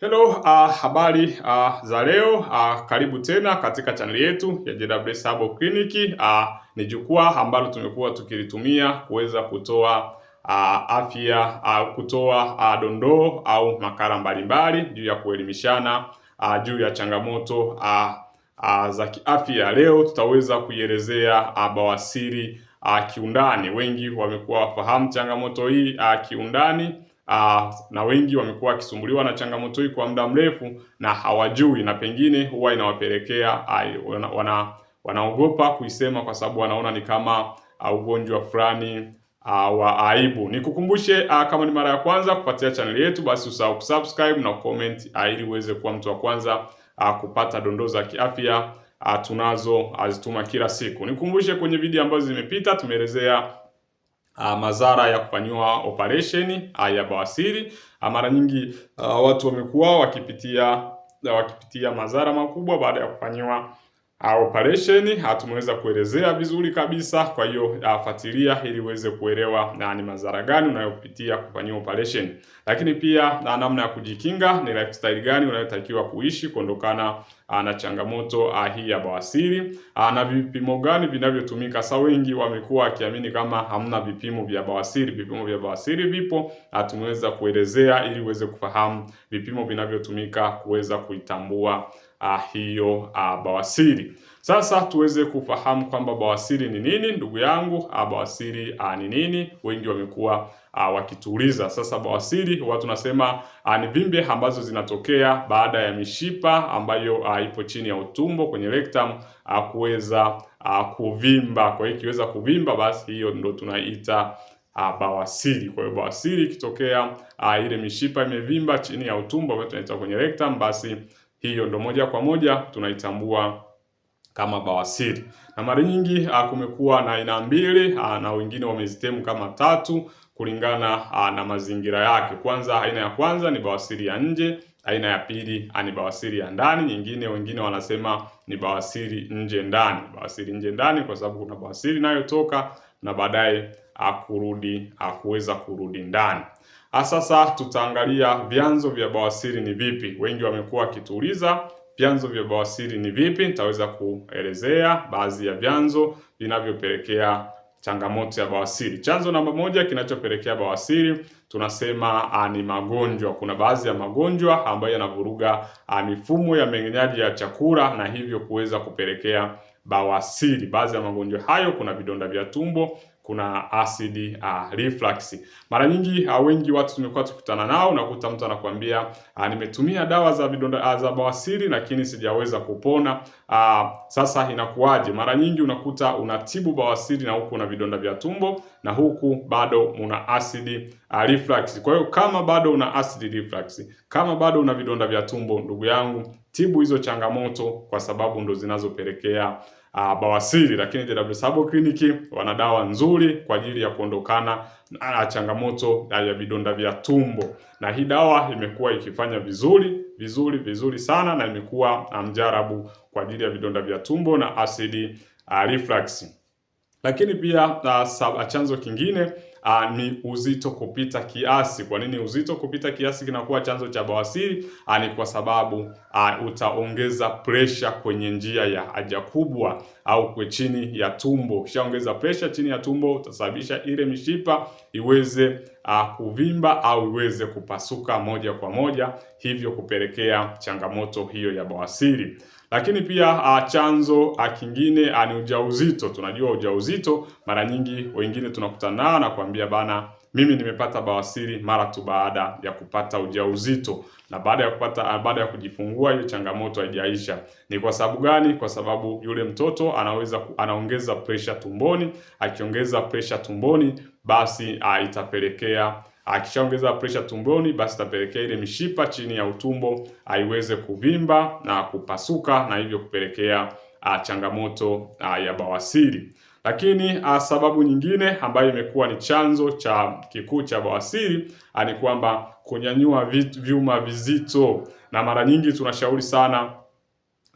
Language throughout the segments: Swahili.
Hello, uh, habari uh, za leo uh, karibu tena katika chaneli yetu ya JW Sabo Clinic. Uh, ni jukwaa ambalo tumekuwa tukilitumia kuweza kutoa uh, afya uh, kutoa uh, dondoo au makala mbalimbali juu ya kuelimishana uh, juu ya changamoto uh, uh, za kiafya. Leo tutaweza kuielezea uh, bawasiri uh, kiundani. Wengi wamekuwa wafahamu changamoto hii uh, kiundani uh, na wengi wamekuwa wakisumbuliwa na changamoto hii kwa muda mrefu na hawajui, na pengine huwa inawapelekea uh, wana, wana, wanaogopa kuisema kwa sababu wanaona ni kama uh, ugonjwa fulani uh, wa aibu. Nikukumbushe uh, kama ni mara ya kwanza kupatia chaneli yetu, basi usahau kusubscribe na comment uh, ili uweze kuwa mtu wa kwanza uh, kupata dondoo za kiafya uh, tunazo azituma uh, kila siku. Nikukumbushe kwenye video ambazo zimepita tumeelezea uh, madhara ya kufanyiwa operation uh, ya bawasiri uh, mara nyingi uh, watu wamekuwa wakipitia wakipitia madhara makubwa baada ya kufanyiwa uh, operation. Tumeweza kuelezea vizuri kabisa, kwa hiyo uh, fuatilia ili uweze kuelewa uh, ni madhara gani unayopitia kufanyiwa operation lakini pia na namna ya kujikinga, ni lifestyle gani unayotakiwa kuishi kuondokana ah, na changamoto ah, hii ya bawasiri, ah, na vipimo gani vinavyotumika. Sasa wengi wamekuwa wakiamini kama hamna vipimo vya bawasiri. Vipimo vya bawasiri vipo, na tumeweza kuelezea ili uweze kufahamu vipimo vinavyotumika kuweza kuitambua Ah, hiyo ah, bawasiri. Sasa tuweze kufahamu kwamba bawasiri ni nini, ndugu yangu. Ah, bawasiri ah, ni nini? Wengi wamekuwa uh, ah, wakituliza. Sasa bawasiri huwa tunasema uh, ni vimbe ambazo zinatokea baada ya mishipa ambayo uh, ipo chini ya utumbo kwenye rectum uh, kuweza uh, kuvimba. Kwa hiyo ikiweza kuvimba, basi hiyo ndo tunaita Uh, bawasiri. Kwa hiyo bawasiri ikitokea uh, ile mishipa imevimba chini ya utumbo ambayo tunaita kwenye rectum, basi hiyo ndo moja kwa moja tunaitambua kama bawasiri, na mara nyingi ah, kumekuwa na aina mbili ah, na wengine wamezitemu kama tatu kulingana ah, na mazingira yake. Kwanza, aina ya kwanza ni bawasiri ya nje, aina ya pili ni bawasiri ya ndani, nyingine wengine wanasema ni bawasiri nje ndani. Bawasiri nje ndani kwa sababu kuna bawasiri inayotoka na baadaye kurudi kuweza kurudi ndani. Sasa tutaangalia vyanzo vya bawasiri ni vipi. Wengi wamekuwa wakituuliza Vyanzo vya bawasiri ni vipi? Nitaweza kuelezea baadhi ya vyanzo vinavyopelekea changamoto ya bawasiri. Chanzo namba moja kinachopelekea bawasiri tunasema a, ah, ni magonjwa. Kuna baadhi ya magonjwa ambayo yanavuruga ah, mifumo ya mmeng'enyaji ya chakula na hivyo kuweza kupelekea bawasiri. Baadhi ya magonjwa hayo kuna vidonda vya tumbo, kuna acid uh, reflux. Mara nyingi uh, wengi watu tumekuwa tukutana nao, unakuta mtu anakuambia uh, nimetumia dawa za vidonda uh, za bawasiri lakini sijaweza kupona. Uh, sasa inakuwaje? Mara nyingi unakuta unatibu bawasiri na huku una vidonda vya tumbo na huku bado una acid uh, reflux. Kwa hiyo kama bado una acid reflux, kama bado una vidonda vya tumbo, ndugu yangu tibu hizo changamoto, kwa sababu ndo zinazopelekea uh, bawasiri. Lakini JW Clinic wana dawa nzuri kwa ajili ya kuondokana na changamoto ya vidonda vya tumbo, na hii dawa imekuwa ikifanya vizuri vizuri vizuri sana, na imekuwa ah, mjarabu kwa ajili ya vidonda vya tumbo na acid uh, reflux. Lakini pia uh, chanzo kingine a, ah, ni uzito kupita kiasi. Kwa nini uzito kupita kiasi kinakuwa chanzo cha bawasiri? A, ah, ni kwa sababu a, ah, utaongeza presha kwenye njia ya haja kubwa au kwe chini ya tumbo. Ukishaongeza presha chini ya tumbo, utasababisha ile mishipa iweze a, kuvimba au iweze kupasuka moja kwa moja, hivyo kupelekea changamoto hiyo ya bawasiri. Lakini pia a, ah, chanzo a, ah, kingine a, ah, ni ujauzito. Tunajua ujauzito mara nyingi wengine tunakutana nao na kuambia bana, mimi nimepata bawasiri mara tu baada ya kupata ujauzito na baada ya kupata baada ya kujifungua, hiyo changamoto haijaisha. Ni kwa sababu gani? Kwa sababu yule mtoto anaweza anaongeza presha tumboni. Akiongeza presha tumboni, basi a, itapelekea Akishaongeza pressure tumboni, basi itapelekea ile mishipa chini ya utumbo aiweze kuvimba na kupasuka na hivyo kupelekea a, changamoto a, ya bawasiri. Lakini a, sababu nyingine ambayo imekuwa ni chanzo cha kikuu cha bawasiri ni kwamba kunyanyua vitu, vyuma vizito, na mara nyingi tunashauri sana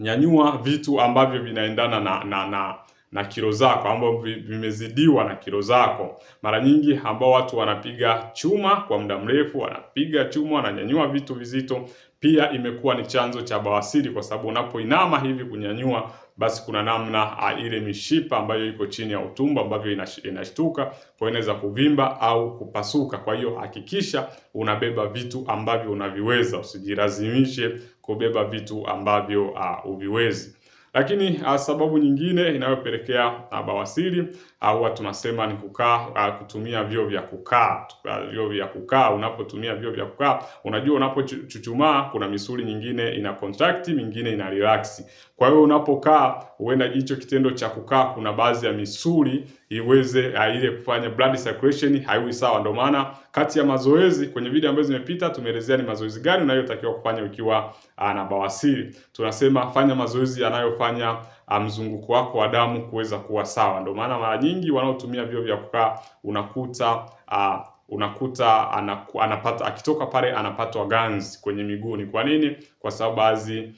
nyanyua vitu ambavyo vinaendana na, na, na na kilo zako ambao vimezidiwa na kilo zako. Mara nyingi ambao watu wanapiga chuma kwa muda mrefu, wanapiga chuma, wananyanyua vitu vizito, pia imekuwa ni chanzo cha bawasiri, kwa sababu unapoinama hivi kunyanyua, basi kuna namna ile mishipa ambayo iko chini ya utumbo ambavyo inashtuka, kwa inaweza kuvimba au kupasuka. Kwa hiyo hakikisha unabeba vitu ambavyo unaviweza, usijilazimishe kubeba vitu ambavyo uh, uviwezi. Lakini ah, sababu nyingine inayopelekea ah, bawasiri au tunasema ni kukaa, ah, kutumia vyoo vya kukaa. Ah, vyoo vya kukaa, unapotumia vyoo vya kukaa, unajua unapochuchumaa kuna misuli nyingine ina contract, mingine ina relax. Kwa hiyo unapokaa, huenda hicho kitendo cha kukaa, kuna baadhi ya misuli iweze uh, ile kufanya blood circulation haiwi sawa. Ndio maana kati ya mazoezi kwenye video ambazo zimepita tumeelezea ni mazoezi gani unayotakiwa kufanya ukiwa uh, na bawasiri. Tunasema fanya mazoezi yanayofanya mzunguko wako wa damu kuweza kuwa sawa. Ndio maana mara nyingi wanaotumia vyoo vya kukaa unakuta uh, unakuta anaku, anapata akitoka pale anapatwa ganzi kwenye miguu. Ni kwa nini? Kwa sababu baadhi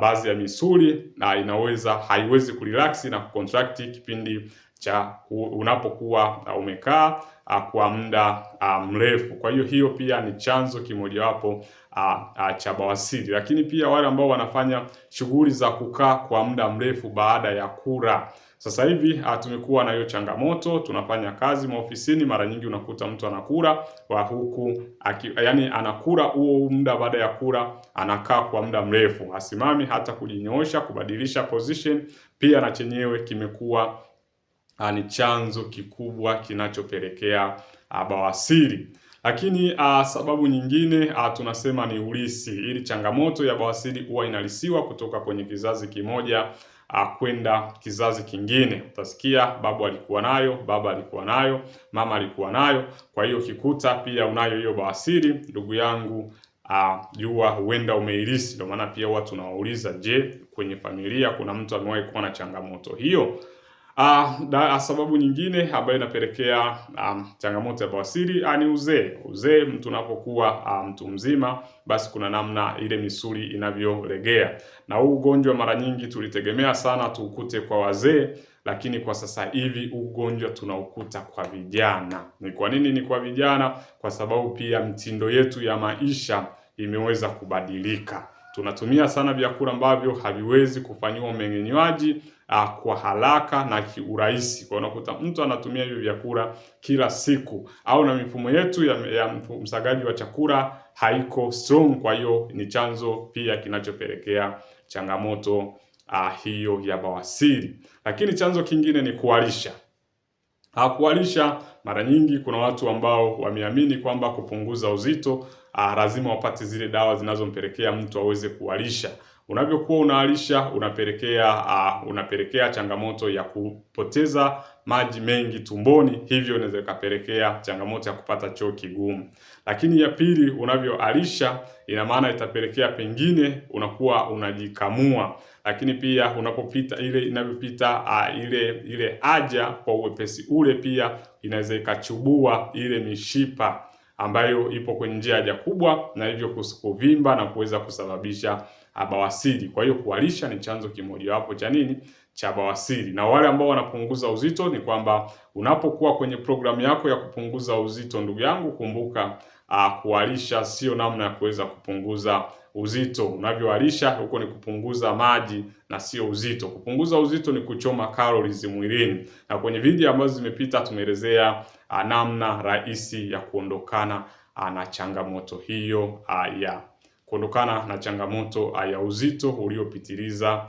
baadhi ya misuli na inaweza haiwezi kurelax na kucontract kipindi cha unapokuwa uh, umekaa uh, kwa muda uh, mrefu. Kwa hiyo hiyo pia ni chanzo kimojawapo cha bawasiri. Lakini pia wale ambao wanafanya shughuli za kukaa kwa muda mrefu baada ya kula. Sasa hivi tumekuwa na hiyo changamoto, tunafanya kazi maofisini, mara nyingi unakuta mtu anakula wa huku aki, yani anakula huo muda baada ya kula anakaa kwa muda mrefu, hasimami hata kujinyoosha, kubadilisha position, pia na chenyewe kimekuwa Ah, ni chanzo kikubwa kinachopelekea ah, bawasiri. Lakini a, ah, sababu nyingine a, tunasema ni ulisi. Ili changamoto ya bawasiri huwa inalisiwa kutoka kwenye kizazi kimoja kwenda kizazi kingine. Utasikia babu alikuwa nayo, baba alikuwa nayo, mama alikuwa nayo. Kwa hiyo kikuta pia unayo hiyo bawasiri, ndugu yangu, jua huenda umeirisi. Ndio maana pia huwa tunawauliza, je, kwenye familia kuna mtu amewahi kuwa na changamoto hiyo? Ah, da, ah, sababu nyingine ambayo inapelekea um, changamoto ya bawasiri ah, ni uzee. Uzee, mtu unapokuwa ah, mtu mzima, basi kuna namna ile misuli inavyolegea, na huu ugonjwa mara nyingi tulitegemea sana tuukute kwa wazee, lakini kwa sasa hivi ugonjwa tunaukuta kwa vijana. Ni kwa nini ni kwa vijana? Kwa sababu pia mitindo yetu ya maisha imeweza kubadilika. Tunatumia sana vyakula ambavyo haviwezi kufanyiwa umeng'enywaji uh, kwa haraka na kiurahisi. Kwa unakuta mtu anatumia hivyo vyakula kila siku, au na mifumo yetu ya, ya msagaji wa chakula haiko strong. Kwa hiyo ni chanzo pia kinachopelekea changamoto uh, hiyo ya bawasiri. Lakini chanzo kingine ni kuharisha. Ah, kuharisha mara nyingi, kuna watu ambao wameamini kwamba kupunguza uzito ah, lazima wapate zile dawa zinazompelekea mtu aweze kuharisha unavyokuwa unaalisha unapelekea uh, unapelekea changamoto ya kupoteza maji mengi tumboni, hivyo inaweza ikapelekea changamoto ya kupata choo kigumu. Lakini ya pili, unavyoalisha ina maana itapelekea pengine unakuwa unajikamua, lakini pia unapopita ile inavyopita uh, ile ile haja kwa uwepesi ule, pia inaweza ikachubua ile mishipa ambayo ipo kwenye njia haja kubwa, na hivyo kuvimba na kuweza kusababisha bawasiri. Kwa hiyo kuwalisha ni chanzo kimojawapo cha nini cha bawasiri. Na wale ambao wanapunguza uzito ni kwamba unapokuwa kwenye programu yako ya kupunguza uzito, ndugu yangu, kumbuka uh, kuwalisha sio namna ya kuweza kupunguza uzito. unavyoalisha huko ni kupunguza maji na sio uzito. Kupunguza uzito ni kuchoma calories mwilini, na kwenye video ambazo zimepita tumeelezea uh, namna rahisi ya kuondokana ah, na changamoto hiyo uh, ya kuondokana na changamoto ah, ya uzito uliopitiliza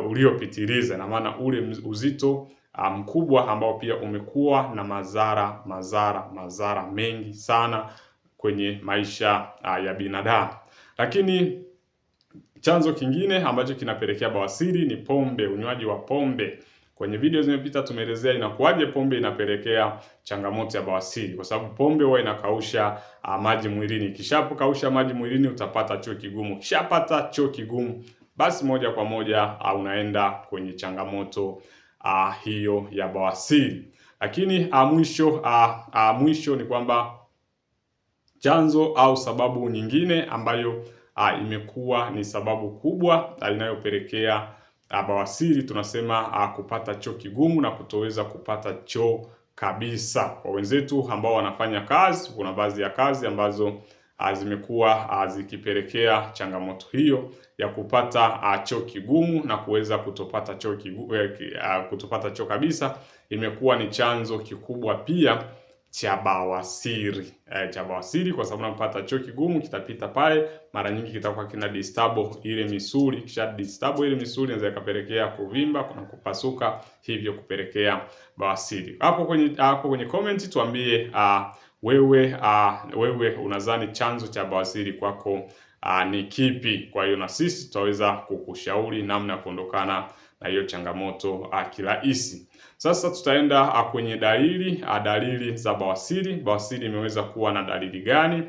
uh, uliopitiliza na maana ule uzito ah, mkubwa um, ambao pia umekuwa na madhara madhara madhara mengi sana kwenye maisha uh, ya binadamu. Lakini chanzo kingine ambacho kinapelekea bawasiri ni pombe, unywaji wa pombe Kwenye video zimepita tumeelezea inakuwaje pombe inapelekea changamoto ya bawasiri, kwa sababu pombe huwa inakausha uh, maji mwilini. Ikishapokausha maji mwilini utapata choo kigumu, kishapata choo kigumu, basi moja kwa moja uh, unaenda kwenye changamoto uh, hiyo ya bawasiri. Lakini uh, mwisho uh, uh, mwisho ni kwamba chanzo au sababu nyingine ambayo uh, imekuwa ni sababu kubwa uh, inayopelekea bawasiri tunasema a, ah, kupata choo kigumu na kutoweza kupata choo kabisa. Kwa wenzetu ambao wanafanya kazi, kuna baadhi ya kazi ambazo ah, zimekuwa ah, zikipelekea changamoto hiyo ya kupata choo kigumu na kuweza kutopata choo kigumu, eh, kutopata choo kabisa imekuwa ni chanzo kikubwa pia cha bawasiri eh, cha bawasiri kwa sababu unapata choo kigumu kitapita pale, mara nyingi kitakuwa kina disturb ile misuli, kisha disturb ile misuli inaweza ikapelekea kuvimba na kupasuka, hivyo kupelekea bawasiri. Hapo kwenye hapo kwenye comment tuambie, uh, wewe uh, wewe unadhani chanzo cha bawasiri kwako uh, ni kipi? Kwa hiyo na sisi tutaweza kukushauri namna ya kuondokana na hiyo changamoto ah, kirahisi. Sasa tutaenda ah, kwenye dalili, ah, dalili za bawasiri. Bawasiri imeweza kuwa na dalili gani?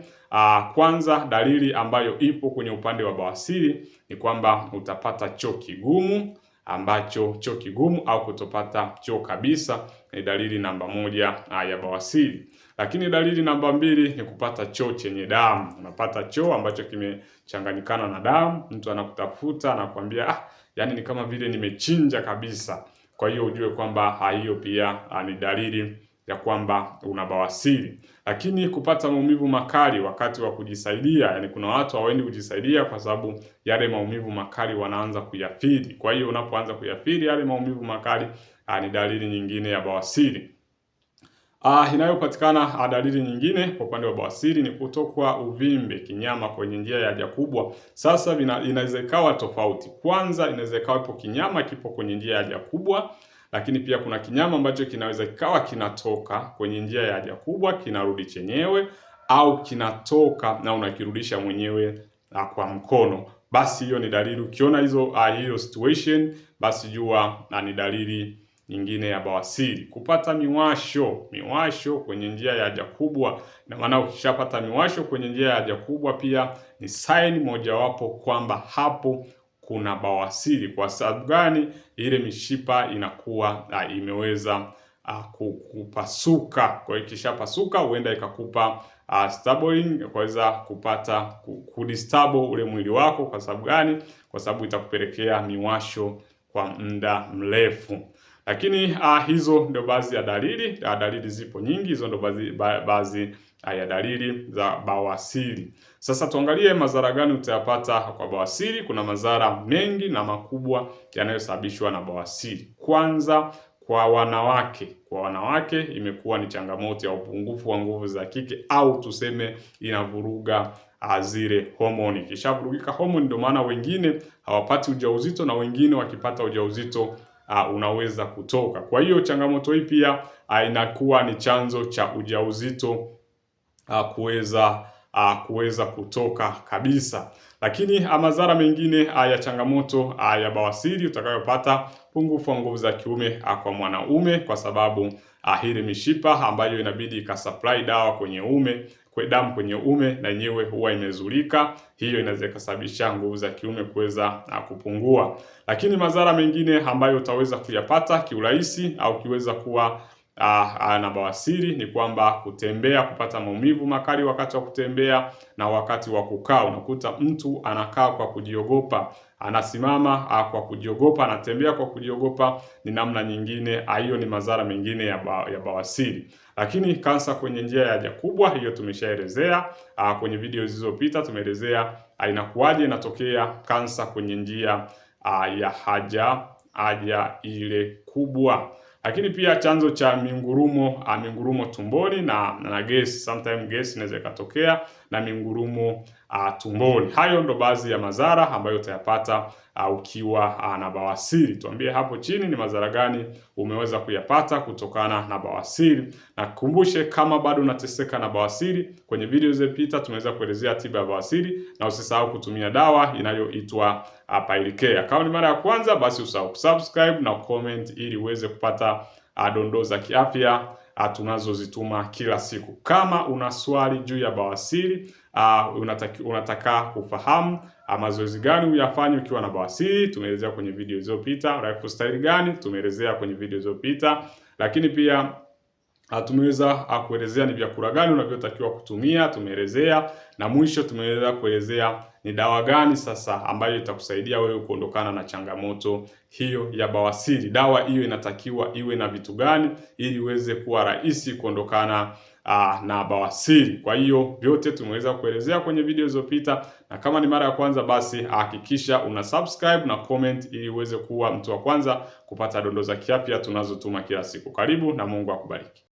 Kwanza, dalili ambayo ipo kwenye upande wa bawasiri ni kwamba utapata choo kigumu ambacho choo kigumu au kutopata choo kabisa ni dalili namba moja ya bawasiri. Lakini dalili namba mbili ni kupata choo chenye damu. Unapata choo ambacho kimechanganyikana na damu, mtu anakutafuta anakuambia, ah, yani ni kama vile nimechinja kabisa. Kwa hiyo ujue kwamba hiyo pia ah, ni dalili ya kwamba una bawasiri. Lakini kupata maumivu makali wakati wa kujisaidia, yani kuna watu hawaendi kujisaidia kwa sababu yale maumivu makali wanaanza kuyafeel. Kwa hiyo unapoanza kuyafeel yale maumivu makali ah, ni dalili nyingine ya bawasiri. Uh, inayopatikana ah, dalili nyingine kwa upande wa bawasiri ni kutokwa uvimbe kinyama kwenye njia ya haja kubwa. Sasa inaweza ikawa tofauti. Kwanza inaweza ikawa ipo kinyama kipo kwenye njia ya haja kubwa, lakini pia kuna kinyama ambacho kinaweza kikawa kinatoka kwenye njia ya haja kubwa kinarudi chenyewe, au kinatoka na unakirudisha mwenyewe na ah, kwa mkono. Basi hiyo ni dalili. Ukiona hizo hiyo situation basi jua na ni dalili nyingine ya bawasiri. Kupata miwasho, miwasho kwenye njia ya haja kubwa, na maana ukishapata miwasho kwenye njia ya haja kubwa pia ni sign mojawapo kwamba hapo kuna bawasiri. Kwa sababu gani? Ile mishipa inakuwa uh, imeweza a, kupasuka. Kwa hiyo ikishapasuka, huenda ikakupa uh, stubborn kuweza kupata kudistable ule mwili wako. Kwa sababu gani? Kwa sababu itakupelekea miwasho kwa muda mrefu. Lakini ah, hizo ndio baadhi ya dalili. Ah, dalili zipo nyingi, hizo ndio baadhi baadhi ah, ya dalili za bawasiri. Sasa tuangalie madhara gani utayapata kwa bawasiri. Kuna madhara mengi na makubwa yanayosababishwa na bawasiri. Kwanza, kwa wanawake, kwa wanawake imekuwa ni changamoto ya upungufu wa nguvu za kike, au tuseme inavuruga ah, zile homoni. Ikishavurugika homoni, ndio maana wengine hawapati ujauzito na wengine wakipata ujauzito uh, unaweza kutoka. Kwa hiyo changamoto hii pia uh, inakuwa ni chanzo cha ujauzito uh, kuweza uh, kuweza kutoka kabisa. Lakini madhara mengine uh, ya changamoto uh, ya bawasiri utakayopata, pungufu wa nguvu za kiume uh, kwa mwanaume, kwa sababu uh, hili mishipa ambayo inabidi ikasupply dawa kwenye ume kwa damu kwenye ume na nyewe huwa imezulika, hiyo inaweza ikasababisha nguvu za kiume kuweza ah, kupungua. Lakini madhara mengine ambayo utaweza kuyapata kiurahisi au kiweza kuwa aa, ah, ah, na bawasiri ni kwamba kutembea, kupata maumivu makali wakati wa kutembea na wakati wa kukaa. Unakuta mtu anakaa kwa kujiogopa, anasimama aa, ah, kwa kujiogopa, anatembea kwa kujiogopa, ni namna nyingine hiyo, ni madhara mengine ya, ba, ya bawasiri. Lakini kansa kwenye njia ya haja kubwa, hiyo tumeshaelezea kwenye video zilizopita, tumeelezea inakuwaje inatokea kansa kwenye njia ya haja haja ile kubwa. Lakini pia chanzo cha mingurumo, ah, mingurumo tumboni na na gesi, sometimes gesi inaweza ikatokea na mingurumo uh, tumboni. Hayo ndo baadhi ya madhara ambayo utayapata uh, ukiwa uh, na bawasiri. Tuambie hapo chini ni madhara gani umeweza kuyapata kutokana na bawasiri, na kumbushe, kama bado unateseka na bawasiri, kwenye video zilizopita tumeweza kuelezea tiba ya bawasiri, na usisahau kutumia dawa inayoitwa uh, Pailikea. Kama ni mara ya kwanza, basi usahau kusubscribe na comment ili uweze kupata uh, dondoo za kiafya tunazozituma kila siku. Kama una swali juu ya bawasiri uh, ah, unataka, unataka kufahamu ah, mazoezi gani uyafanye ukiwa na bawasiri, tumeelezea kwenye video zilizopita. Lifestyle gani, tumeelezea kwenye video zilizopita, lakini pia tumeweza kuelezea ni vyakula gani unavyotakiwa kutumia, tumeelezea na mwisho tumeweza kuelezea ni dawa gani sasa ambayo itakusaidia wewe kuondokana na changamoto hiyo ya bawasiri. Dawa hiyo inatakiwa iwe na vitu gani ili iweze kuwa rahisi kuondokana aa, ah, na bawasiri. Kwa hiyo vyote tumeweza kuelezea kwenye video zilizopita, na kama ni mara ya kwanza, basi hakikisha una subscribe na comment ili uweze kuwa mtu wa kwanza kupata dondoo za kiafya tunazotuma kila siku. Karibu na Mungu akubariki.